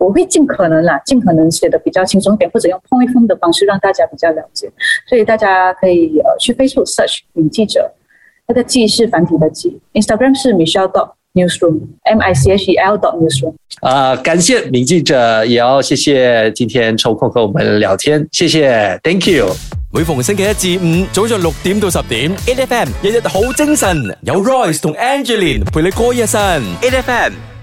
我會盡可能啦，盡可能寫得比較輕鬆點，或者用 point form 的方式讓大家比較了解，所以大家可以呃去 Facebook search 敏記者，那個記是繁體的記，Instagram 是 Michel dot newsroom，M I C H E L dot newsroom。啊，感謝敏記者，也要謝謝今天抽空和我們聊天，謝謝。Thank you。每逢星期一至五早上六點到十點，8FM，日日好精神，有 Royce 同 Angeline 陪你過夜神，8FM。